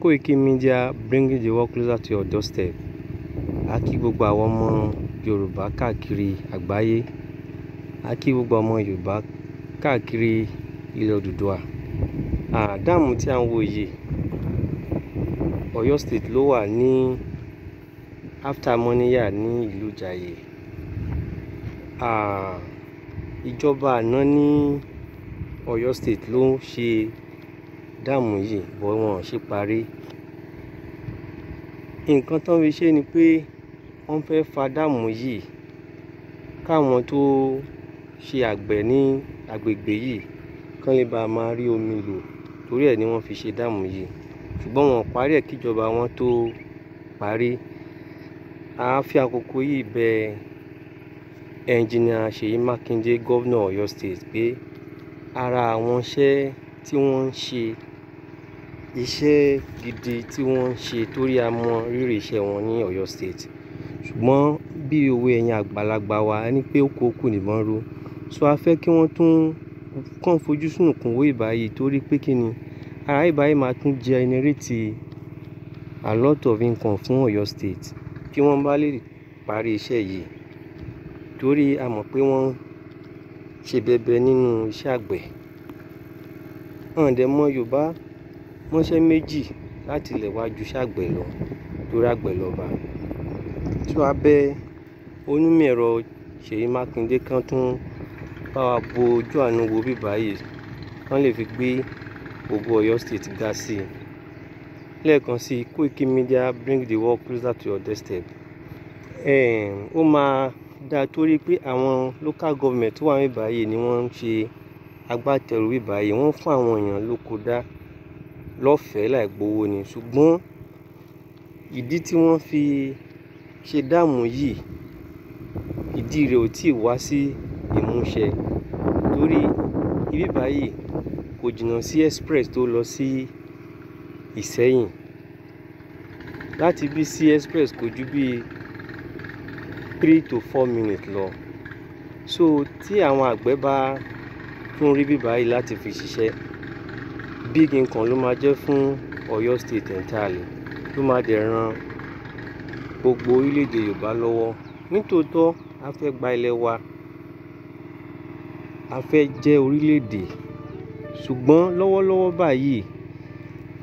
Koiki Media bringing the world closer to your doorstep. A kí gbogbo àwọn ọmọ Yorùbá káàkiri àgbáyé. A kí gbogbo ọmọ Yorùbá káàkiri ilẹ̀ Odùduwà. Àdámù tí à ń wò yìí, Ọ̀yọ́ State ló wà ní after Mọ́níyà ní ìlú Ìjàyè. À, ìjọba àná ní Ọ̀yọ́ State ló ń ṣe dáàmù yìí bọ́ wọn ò ṣe parí nǹkan tó ń fi ṣe ni pé wọ́n fẹ́ fa dáàmù yìí káwọn tó ṣe àgbẹ̀ ní agbègbè yìí kán lè bá máa rí omi lò torí ẹ̀ ni wọ́n fi ṣe dáàmù yìí ṣùgbọ́n wọn ò parí ẹ̀ kíjọba wọn tó parí a fi àkókò yìí bẹ ẹnjìnìà Ṣèyí Mákindé gómìnà Ọ̀yọ́ state pé ara àwọn iṣẹ́ tí wọ́n ń ṣe iṣẹ́ gidi tí wọ́n ń ṣe torí a mọ rírì iṣẹ́ wọn ní Ọ̀yọ́ State. Ṣùgbọ́n bí òwe ẹ̀yin àgbàlagbà wa ní pé "Óko okú nìbọn ró". So a fẹ́ kí wọ́n tún kàn fojú sùnùkún wò ìbàyí torí pé kí ni ará ìbàyí máa tún generate a lot of income fún Ọ̀yọ́ State kí wọ́n bá lè parí iṣẹ́ yìí. Torí a mọ̀ pé wọ́n ṣe bẹbẹ nínú iṣẹ́ àgbẹ̀. Wọ́n dẹ̀ mọ Yorùbá mọ́ṣẹ́ méjì láti lè wá ju ṣàgbẹ̀ lọ torí àgbẹ̀ lọ́ba tó abẹ́ onímọ̀-ẹ̀rọ Ṣèyí Mákindé kan tún bá wa bo ojú àánú wo bí báyìí kán lè fi gbé ògo Ọ̀yọ́ state ga sí i lẹ́ẹ̀kan sí i Koiki Media bring the world closer to your doorstep ó máa dáa torí pé àwọn local government tó wà ní ni wọ́n ń ṣe agbátẹrù bíbá wọ́n fún àwọn èèyàn lóko dá lọ́fẹ̀ẹ́ láì gbowó ni ṣùgbọ́n ìdí tí wọ́n fi ṣe dáàmù yìí ìdí rẹ̀ ò tí ì wá sí ìmúṣẹ torí ibí báyìí kò jìnnà sí express tó lọ sí Ìsẹ́yìn láti bí sí express kò ju bí three to four minutes lọ so tí àwọn àgbẹ̀ bá tún rí bíbáyìí láti fi ṣiṣẹ́ big nǹkan ló máa jẹ́ fún Ọ̀yọ́ state entirely tó máa dẹ̀ ran gbogbo orílẹ̀-èdè Yorùbá lọ́wọ́ nítòótọ́ a fẹ́ gba ilẹ̀ wa a fẹ́ jẹ́ orílẹ̀-èdè ṣùgbọ́n lọ́wọ́lọ́wọ́ báyìí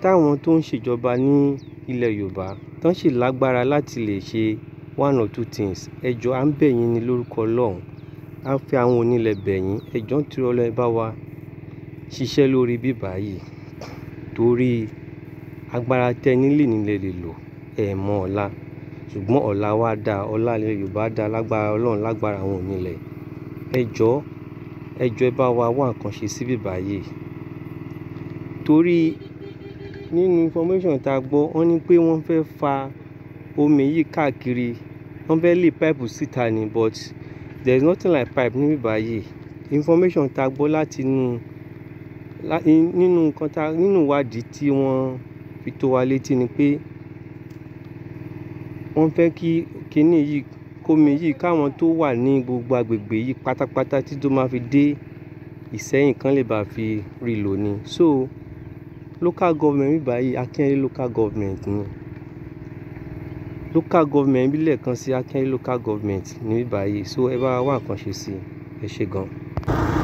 táwọn tó ń ṣèjọba ní ilẹ̀ Yorùbá tán sì lágbára láti lè ṣe one or two things ẹ jọ̀ọ́ à ń bẹ̀ yín ní lórúkọ Ọlọ́run à ń fẹ́ àwọn onílẹ̀ bẹ̀ yín ẹ jọ̀ọ́ ń tirọlọ ẹ bá wa ṣiṣẹ́ lórí bíbá yìí torí agbára tẹ ní lénìí lẹ lè lò, ẹ̀ mọ ọ̀la. Ṣùgbọ́n ọ̀la wa da, ọ̀la ilẹ̀ Yorùbá da lágbára Ọlọ́run, lágbára àwọn onilẹ̀. Ẹ jọ́, ẹ jọ ẹ bá wa wá nǹkan ṣe sí ibí Torí nínú information ta gbọ́, wọ́n ní pé wọ́n fẹ́ fa omi yìí káàkiri, wọ́n fẹ́ lé pipe síta ni but there is nothing like pipe ní ibí bàyìí. Information ta gbọ́ láti inú nínú nǹkan tá nínú ìwádìí tí wọ́n fi tó wa létí ni pé wọ́n fẹ́ kí kinní yìí kómi yìí káwọn tó wà ní gbogbo agbègbè yìí pátápátá tí tó máa fi dé Ìsẹ́yìn kan lè bá fi rí lò ní. So local government bí báyìí Akínyẹlé local government ni local government ìbílẹ̀ kan sí Akínyẹlé local government ní bí báyìí so ẹ bá wá nǹkan ṣe sí ẹ ṣe gan.